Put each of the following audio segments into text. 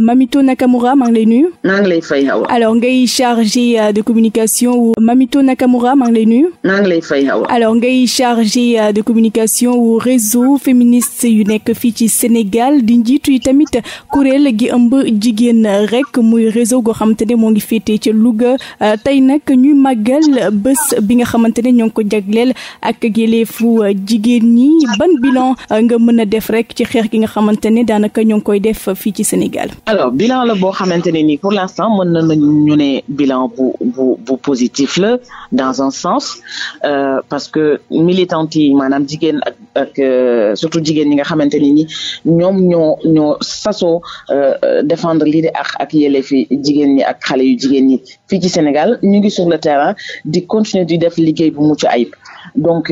Mamito Nakamura maa ngi lay nuyu. maa ngi lay fay Hawa. alors ngay chargé euh, de communication wu. Mamito Nakamura maa ngi lay nuyu. maa ngi lay fay Hawa. alors ngay chargé euh, de communication wu réseau féministe yu nekk fii ci Sénégal di njiitu tamit kuréel gi ëmb jigéen rek muy réseau goo xamante ne moo ngi féetee ca Louga euh, tey nag ñuy màggal bés bi nga xamante ne ñoo ngi ko jagleel ak gëleefu jigéen ñi ban bilan nga mën a def rek ci xeex gi nga xamante ne daanaka ñoo ngi koy def fii ci Sénégal. alors bilan la boo xamante ne nii pour l'instant mën na ñu ne bilan bu bu bu positif la dans un sens euh, parce que militantes yi maanaam jigéen ak ak euh, surtout jigéen ñi nga xamante ne ni ñoom ñoo ñoo sasoo euh, euh, défendre lii de ak ak yële fi jigéen ñi ak xale yu jigéen ñi fii ci Sénégal ñu ngi sur le terrain di continuer di def liggéey bu mucc ayib donc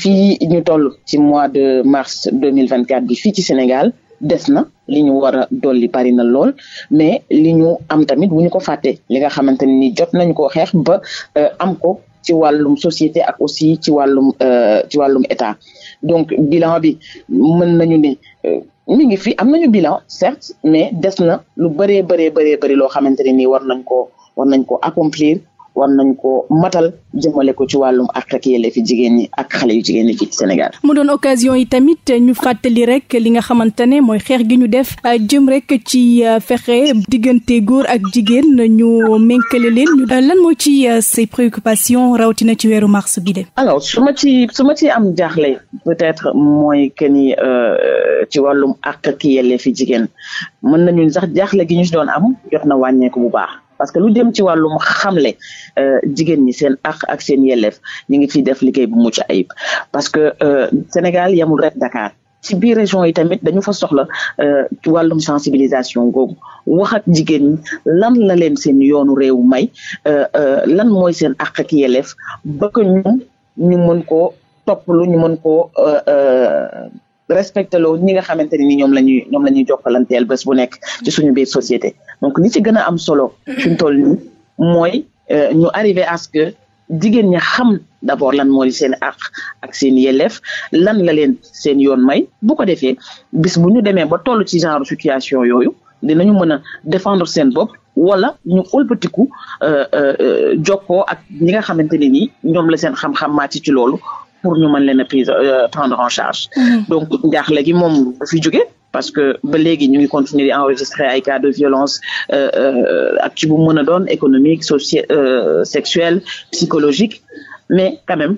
fii ñu toll ci mois de mars deux mille vingt quatre bi fii ci Sénégal. des na li ñu war a dolli bari na lool mais li ñu am tamit bu ñu ko fàttee li nga xamante ni jot nañu ko xeex ba euh, am ko ci wàllum société ak aussi ci wàllum euh, ci wàllum état donc bilan bi mën nañu ne euh, mi ngi fi am nañu bilan certes mais des na lu bëree bëree bëree bëri loo xamante ne nii war nañ ko war nañ ko accomplir war nañ ko matal jëmale ko ci wàllum ak ak yelleefi jigéen ñi ak xale yu jigéen ñi fii ci Sénégal. mu doon occasion yi tamit ñu fàttali rek li nga xamante ne mooy xeex gi ñu def euh, jëm rek ci euh, fexe diggante góor ak jigéen ñu ménkale leen euh, lan mooy ci say préoccupations rawatina ci weeru mars bi de. alors su ma ci su ma ci am jaaxle peut-être mooy que ni ci wàllum ak ak yelleefi jigéen mën nañu sax jaxle gi ñu si doon am jot na wàññeeku bu baax. parce que lu dem ci wàllum xamle euh, jigéen ñi seen àq ak seen yelleef ñu ngi ciy def liggéey bu mucc ayib parce que euh, Sénégal yamul rek Dakar ci biir région yi tamit dañu fa soxla euh, ci wàllum sensibilisation googu wax ak jigéen ñi lan la leen seen yoonu réew may lan mooy seen àq ak yelleef ba ko ñoom ñu mën koo topp lu ñu mën koo respecté loo ñi nga xamante ni ñoom la ñuy ñoom la ñuy jokkalanteel bés bu nekk ci suñu biir société donc li ci gën a am solo mm-hmm. fi mu toll nii mooy euh, ñu arrivé à que jigéen ña xam d'abord lan mooy seen àq ak seen yelleef lan la leen seen yoon may bu ko defee bis bu ñu demee ba toll ci genre situation yooyu dinañu mën a défendre seen bopp wala ñu ëlbatiku euh, euh, jokkoo ak ñi nga xamante ne nii ñoom la seen xam-xam màcc ci loolu pour ñu mën leen a prise euh, prendre en charge. Mm-hmm. donc njaaxle gi moom du fi jóge parce que ba léegi ñu ngi continuer di enregistrer ay cas de violence euh, euh, ak ci bu mën a doon économique soci sexuelle psychologique mais quand même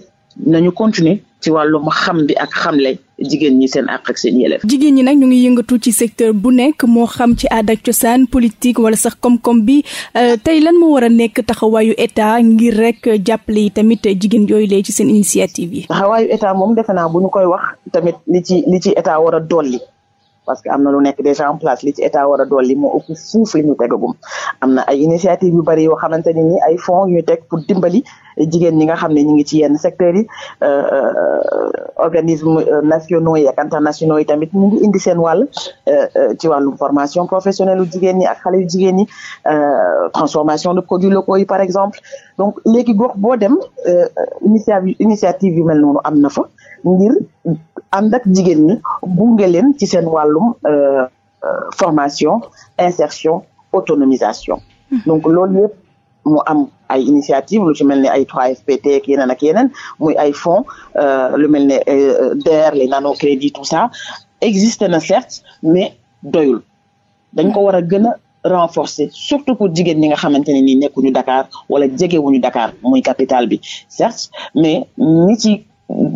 nañu continuer. ci wàllum xam bi ak xam xamle jigéen ñi seen àq ak seen yelleef. jigéen ñi nag ñu ngi yëngatu ci secteur bu nekk moo xam ci aada ak cosaan politique wala sax koom-koom bi euh, tey lan moo war a nekk taxawaayu état ngir rek jàppale yi tamit jigéen yooyu lee ci seen initiative yi. taxawaayu état moom defe naa bu ñu koy wax tamit li ci li ci état war a dolli. parce que am na lu nekk déjà en place li ci état war dolli moo ëpp fuuf li ñu tegagum am na ay initiative yu bari yoo xamante ne ni ay fonds yu teg pour dimbali jigéen ñi nga xam ne ñu ngi ci yenn secteurs yi euh, euh, organismes euh, nationaux yi ak internationaux yi tamit mu ngi indi seen wàll ci wàllum formation professionnelle yu jigéen ñi ak xale yu jigéen ñi transformation de produits locaux yi par exemple donc léegi gox boo dem initiative initiative yu mel noonu am na fa ngir ànd ak jigéen ñi gunge leen ci seen wàllum formation insertion autonomisation hmm. donc loolu yëpp mu am ay initiative lu ci mel ni ay 3FPT ak yeneen ak yeneen muy ay fonds euh, lu mel ne euh, DER les nano crédit tout ça existe na certes mais doyul dañ ko war a gën a renforcer surtout pour jigéen ñi nga xamante ne nii nekkuñu Dakar wala jegewuñu Dakar muy capital bi certes mais ñi ci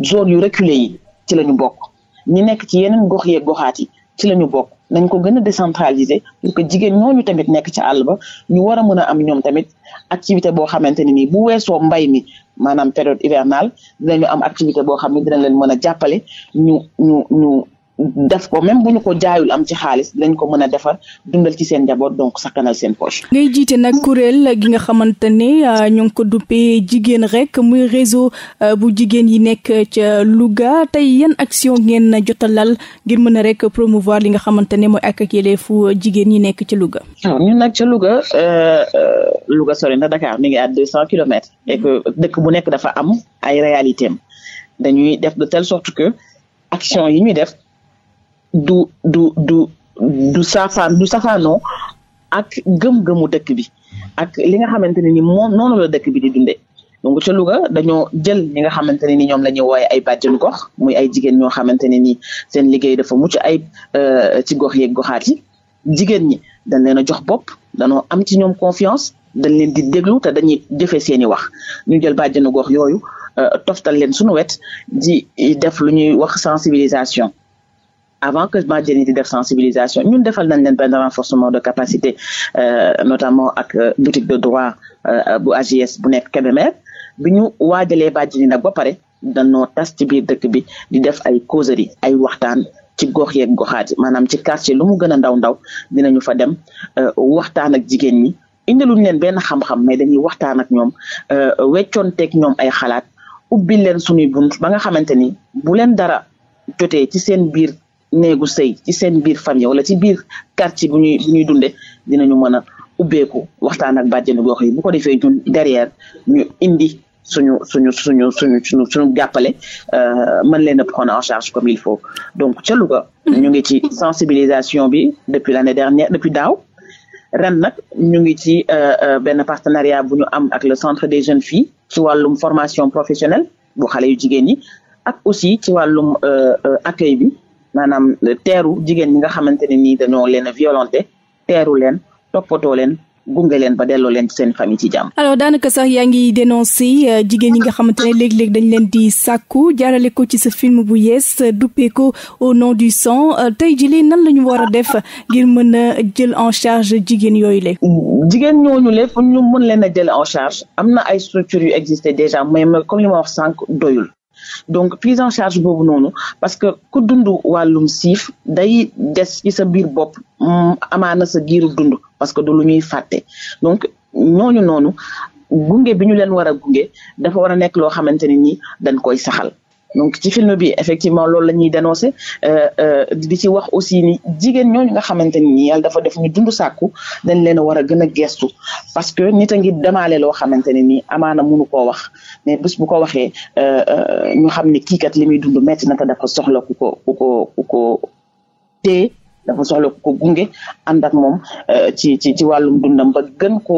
zone yu reculé yi ci lañu bokk ñi nekk ci yeneen gox yeeg goxaat yi ci la ñu bokk nañ ko gën a décentraliser pour que jigéen ñooñu tamit nekk ci àll ba ñu war a mën a am ñoom tamit activité boo xamante ne nii bu weesoo mbay mi maanaam période hivernale ñu am activité boo xam ne dinañ leen mën a jàppale ñu ñu ñu def ko même bu ñu ko jaayul am ci xaalis dañ ko mën a defar dundal ci seen njaboot donc sakkanal seen poche. ngay jiite nag kuréel gi nga xamante ne euh, ñu ngi ko duppee jigéen rek muy réseau euh, bu jigéen yi nekk ca Louga tey yan action ngeen jotalal ngir mën a rek promouvoir li nga xamante ne mooy ak ak yelleefu jigéen yi nekk ci Louga. nag ca Louga euh, Louga sori na Dakar mi ngi a deux cent kilomètres et que dëkk bu nekk dafa am ay réalité am dañuy def de telle sort que action yi ñuy def. du du du du saafaan du safaanoo ak gëm-gëmu dëkk bi ak li nga xamante ne ni moom noonu la dëkk bi di dundee donc ca Louga dañoo jël ñi nga xamante ne ni ñoom la ñuy wooye ay bàjjenu gox muy ay jigéen ñoo xamante ne ni seen dafa mucc ay euh, ci gox yeeg goxaat yi jigéen ñi dañ leen a jox bopp danoo am ci ñoom confiance dañ leen di déglu te dañuy jëfee seeni wax ñu jël bàjjenu gox yooyu euh, toftal leen suñu wet di def lu ñuy wax sensibilisation avant que Badjani di def sensibilisation ñun defal nañ leen benn renforcement de capacité euh, notamment ak euh, boutique de droit euh, bu AGS bu nekk Kébémer bi ñu waajalee Badjani nag ba pare danoo tas ci biir dëkk bi di def ay causerie ay waxtaan ci gox yeeg goxaat yi maanaam ci quartier lu mu gën a ndaw ndaw dinañu fa dem waxtaan ak jigéen ñi indiluñ leen benn xam-xam mais dañuy waxtaan ak ñoom weccoonteeg ñoom ay xalaat ubbil leen suñuy bunt ba nga xamante ni bu leen dara jotee ci seen biir néegu sëy ci seen biir famille wala ci biir quartier bu ñuy bu ñuy dunde dinañu mën a ubbeeku waxtaan ak bàjjenu gox yi bu ko defee ñun derrière ñu indi suñu suñu suñu suñu suñu suñu jàppale euh, mën leen a prendre en charge comme il faut donc ca Louga mm-hmm. ñu ngi ci sensibilisation bi depuis l'année dernière depuis daaw ren nag ñu ngi ci euh, euh, benn partenariat bu ñu am ak le centre des jeunes filles ci wàllum formation professionnelle bu xale yu jigéen yi ak aussi ci wàllum accueil bi maanaam teeru jigéen ñi nga xamante ne nii dañoo leen a teeru leen toppatoo leen gunge leen ba delloo leen seen famille ci jàmm. alors daanaka sax yaa ngi dénoncé euh, jigéen ñi nga xamante ne léeg-léeg dañ leen di sàkku jaarale ko ci sa film bu yees duppee au nom du sang euh, tey jii nan la ñu war a def ngir mën a jël en charge jigéen yooyu le jigéen ñooñu le fu ñu mën leen a jël en charge am na ay structures yu existé déjà mais comme li ma wax sànq doyul. donc prise en charge boobu noonu parce que ku dundu wàllum siif day des ci sa biir bopp mm, amaana sa giiru dund parce que du lu ñuy fàtte donc ñooñu noonu gunge bi ñu leen war a gunge dafa war a nekk loo xamante ne ni dañ koy saxal donc ci film bi effectivement loolu la ñuy dénoncer euh, euh, di ci wax aussi ni jigéen ñooñ nga xamante ni yàlla dafa def ñu dund sàkku dañ leen a war a gën a gestu parce que nit a ngi demaale loo xamante ne nii amaana mënu koo wax mais bés bu ko waxee euh, ñu xam ne kii kat li muy dund metti na te dafa soxla ku ko ku ko ku ko tee dafa soxla ko gunge ànd ak moom ci ci ci wàllum dundam ba gën ko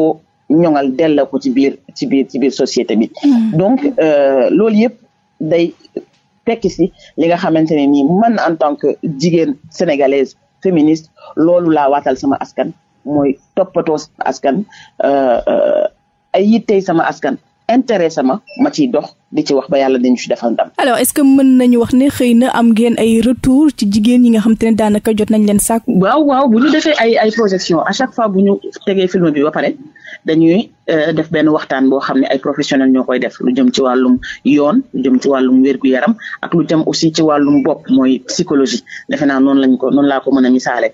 ñoŋal delloo ko ci biir ci biir ci biir société bi mm. donc loolu yëpp day tekki si li nga xamante ne nii man en tant que jigéen sénégalaise féministe loolu laa waatal sama askan mooy toppatoo sama askan euh, euh, ay yittey sama askan intérêt sama ma ciy dox di ci wax ba yàlla dañu ci defal ndam. alors est-ce que mën nañu wax ne xëy na am ngeen ay retour ci jigéen ñi nga xam te ne daanaka jot nañ leen sàkk. waaw waaw bu ñu defee ay ay projection à chaque fois bu ñu tegee film bi ba pare dañuy euh, def benn waxtaan boo xam ne ay professionnels ñoo koy def lu jëm ci wàllum yoon lu jëm ci wàllum wérgu yaram ak lu jëm aussi ci wàllum bopp mooy psychologie defe naa noonu lañ ko noonu laa ko mën a misaale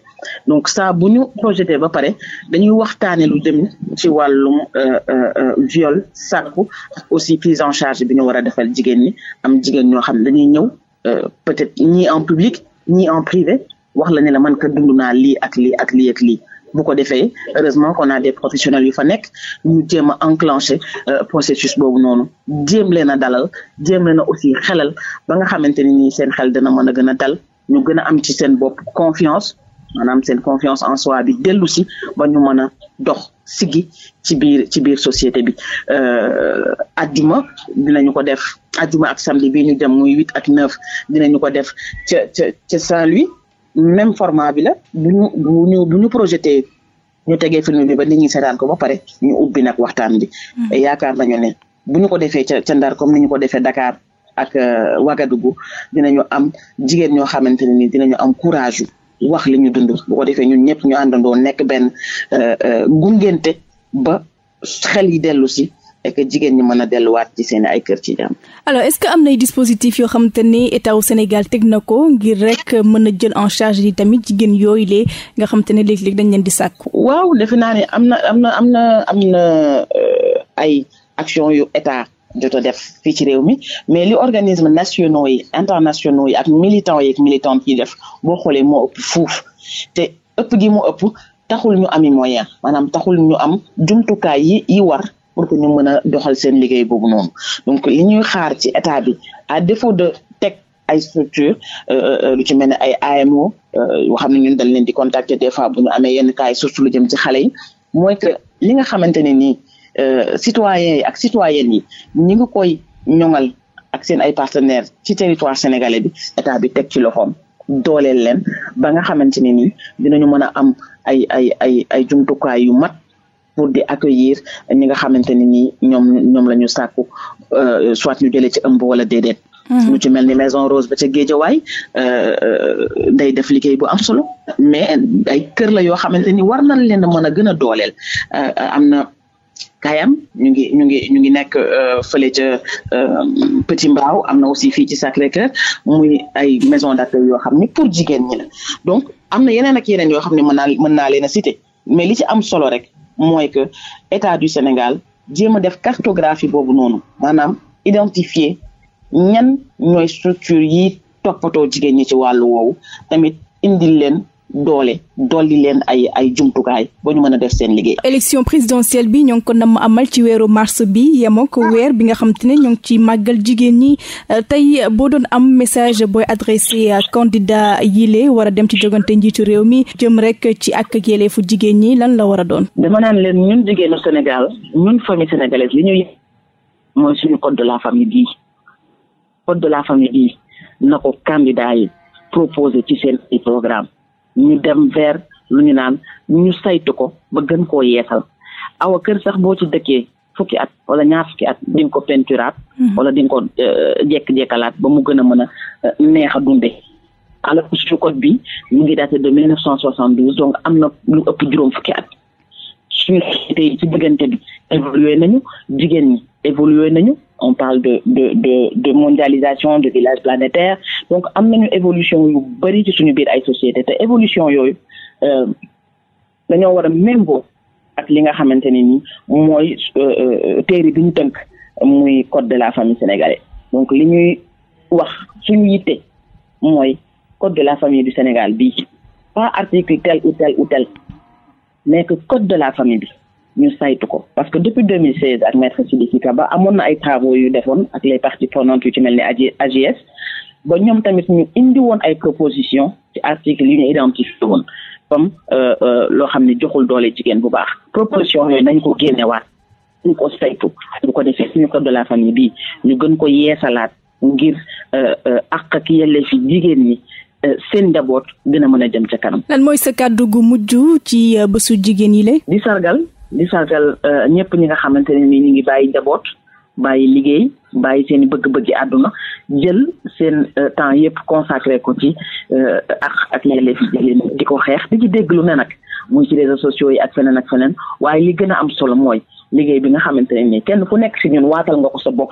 donc saa bu ñu projeté ba pare dañuy waxtaanee lu jëm ci wàllum euh, euh, viol sàkku aussi prise en charge bi war a defal jigéen ñi am jigéen ñoo xam dañuy ñëw euh, peut-être ñii en public ñii en privé wax la ne la man ka dund naa lii ak li ak li ak lii bu ko defee heureusement qu'on a des professionnels yu fa nekk ñu jéem a enclencher euh, processus boobu noonu jéem leen a dalal jéem na a aussi xelal ba nga xamante ni nii seen xel dana mën a gën a dal ñu gën am ci seen bopp confiance maanaam seen confiance en soi bi dellu ba ñu mën a dox siggi ci biir ci biir société bi euh, àjjuma dinañu ko def àjjuma ak samedi bi ñu dem muy huit ak neuf dinañu ko def ca ca ca saint même format bi la bu ñu bu ñu ñu projeté ñu tegee film bi ba nit ñi seetaan ko ba pare ñu ubbi nag waxtaan bi hmm. yaakaar nañu ne bu ñu ko defee ca ca Ndar comme ni ñu ko defee Dakar ak euh, Ouagadougou dinañu am jigéen ñoo xamante ne ni dinañu am courage wax li ñu dund bu ko defee ñun ñëpp ñu àndandoo nekk benn euh, euh, gungente ba xel yi dellu si et que jigéen ñi mën a delluwaat ci seen ay kër ci jàmm. alors est-ce que am nay dispositif yoo xamante ni état wu Sénégal teg na ko ngir rek mën a jël en charge yi tamit jigéen yooyu lee nga xamante ne léeg-léeg dañ leen di sàkku. waaw defe naa ne am na am na am na am na euh, ay action yu état jot a def fii ci réew mi mais li organisme nationaux yi internationaux yi ak militants yi ak militantes yi def boo xoolee moo ëpp fuuf te ëpp gi mu ëpp taxul ñu ami moyen maanaam taxul ñu am jumtukaay yi yi war pour que ñu mën a doxal seen liggéey boobu noonu donc li ñuy xaar ci état bi à défaut de teg ay structure euh, euh, euh, lu ci mel ne ay AMO yoo xam ne ñun dañ leen di contacter des fois bu ñu amee yenn cas yi surtout lu jëm ci xale yi mooy que li nga xamante nii Euh, citoyens yi ak citoyennes yi ñi ngi koy ñoŋal ak seen ay partenaires ci territoire sénégalais bi état bi teg ci loxoom dooleel leen ba nga xamante ne nii dinañu mën a am ay ay ay ay jumtukaay yu mat pour di accueillir ñi nga xamante ne nii ñoom lañu la ñu sàkku euh, soit ñu jëlee ci ëmb wala déedéet. Mm-hmm. lu ci mel ni Maison Rose ba ca Géejawaay euh, day def liggéey bu am solo mais ay kër la yoo xamante ni war nañ leen mën a gën a dooleel am na. Kayam ñu ngi ñu ngi ñu ngi nekk euh, fële ca euh, Petit mbaaw am na aussi fii ci Sacré-Cœur muy ay maison d'accueil yoo xam ne pour jigéen ñi la donc am na yeneen ak yeneen yoo xam ne mën naa mën naa leen a citer mais li ci am solo rek mooy que état du Sénégal jéem a def cartographie boobu noonu maanaam identifier ñan ñooy structure yi toppatoo jigéen ñi ci wàllu woowu tamit indil leen doole dolli leen ay ay jumtukaay ba ñu mën a def seen liggéey. élection présidentielle bi ñoo ngi ko nam amal ci weeru mars bi yemoo ko weer bi nga xam te ne ñoo ngi ci màggal jigéen ñi euh, tey euh, boo doon am message booy adressé candidat yile war a dem ci jogante njiitu réew mi jëm rek ci ak ak yelleefu jigéen ñi lan la war a doon. dama naan leen ñun jigéenu Sénégal ñun famille sénégalaise li ñuy mooy suñu code de la famille bii code de la famille bii na ko candidat ñu dem ver lu ñu naan ñu saytu ko ba gën koo yeesal awa kër sax boo ci dëkkee fukki at wala ñaar fukki at di nga ko peinturaat mhm. wala di nga ko euh, jekk-jekkalaat ba mu gën a mën a euh, neex a dunde alors que suñu bi mu ngi daté de mil neuf cent soixante douze donc am na lu ëpp juróom fukki at suñu société yi ci diggante bi évolué nañu jigéen ñi évolué nañu on parle de de de de mondialisation de village planétaire donc am nañu évolution yu bëri ci suñu biir ay société te évolution yooyu euh, dañoo war a méngoo ak li nga xamante ne ni mooy euh, téere bi ñu tënk muy code de la famille sénégalaise donc li ñuy wax suñu yitte mooy code de la famille du Sénégal bi pas article tel ou tel ou tel mais que code de la famille bi ñu saytu ko parce que depuis 2016 ak maître Sidiki Kaba amoon na ay travaux yu defoon ak les parties prenantes yu ci mel ni AGS ba ñoom tamit ñu indi woon ay proposition ci article yu ñu identifié woon comme euh, euh, loo xam ne joxul doole jigéen bu baax proposition yooyu nañ ko génnewaat ñu ko saytu bu ko defee suñu code de la famille bi ñu gën ko yeesalaat ngir euh, àq ak yelleef fi jigéen ñi seen njaboot gën a mën a jëm ca kanam. lan mooy sa kàddu gu mujj ci bésu jigéen yi le di sargal di sargal euh, ñëpp ñi nga xamante ne ni ñu ngi bàyyi njaboot bàyyi liggéey bàyyi seen i bëgg-bëggi àdduna jël seen euh, temps yëpp consacré ko ci euh, ak ak yelleef di ko xeex di ci dégg lu ne nag muy ci réseaux sociaux yi ak feneen ak feneen waaye li gën a am solo mooy liggéey bi nga xamante ne ni kenn ku nekk si ñun waatal nga ko sa bopp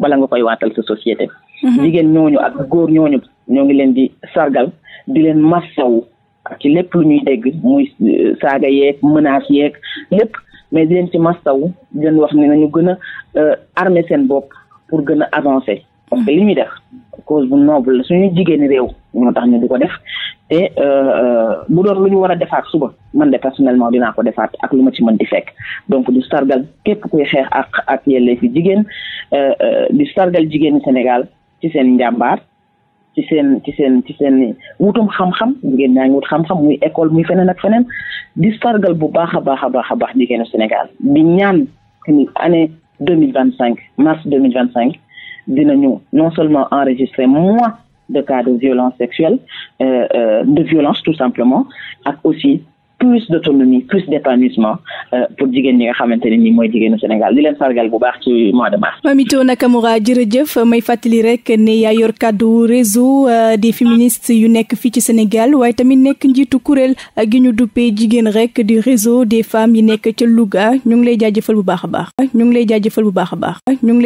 bala nga koy waatal sa société. Mhm. jigéen ñooñu ak góor ñooñu ñoo ngi leen di sargal di leen massawu. ak ci lépp lu ñuy dégg muy euh, saaga yeeg menace yeeg lépp mais di leen ci mastaw di leen wax ne nañu gën a euh, armer seen bopp pour gën a avancer parce li ñuy def cause bu noble la suñuy jigéeni réew ñoo tax ñu du ko def te euh, bu doon lu ñu war a defaat suba man de personnellement dinaa ko defaat ak lu ma ci mën di fekk donc du sargal képp kuy xeex ak ak yellee fi jigéen di sargal jigéenu Sénégal ci seen njàmbaar ci seen ci seen ci seen wutum xam-xam jigéen ñaa ngi wut xam-xam muy école muy feneen ak feneen di sargal bu baax a baax a baax a baax jigéenu Sénégal bi ñaan ni année deux mille vingt cinq mars deux mille vingt cinq dina ñu non seulement enregistrer moins de cas de violence sexuelle euh, euh, de violence tout simplement ak aussi plus d'autonomie plus d'épanouissement euh, pour jigéen ñi nga xamante ne nii mooy jigéenu Sénégal di leen sargal bu baax ci mois de mars. Mamito Nakamura jërëjëf may fàttali rek ne yaa yor kàddu réseau euh, des féministes yu nekk fii ci Sénégal waaye tamit nekk njiitu kuréel euh, gi ñu duppee jigéen rek di réseau de femmes yi nekk ca Louga ñoo ngi lay jaajëfal bu baax a baax ñoo ngi lay jaajëfal bu baax a baax ñu ngi lay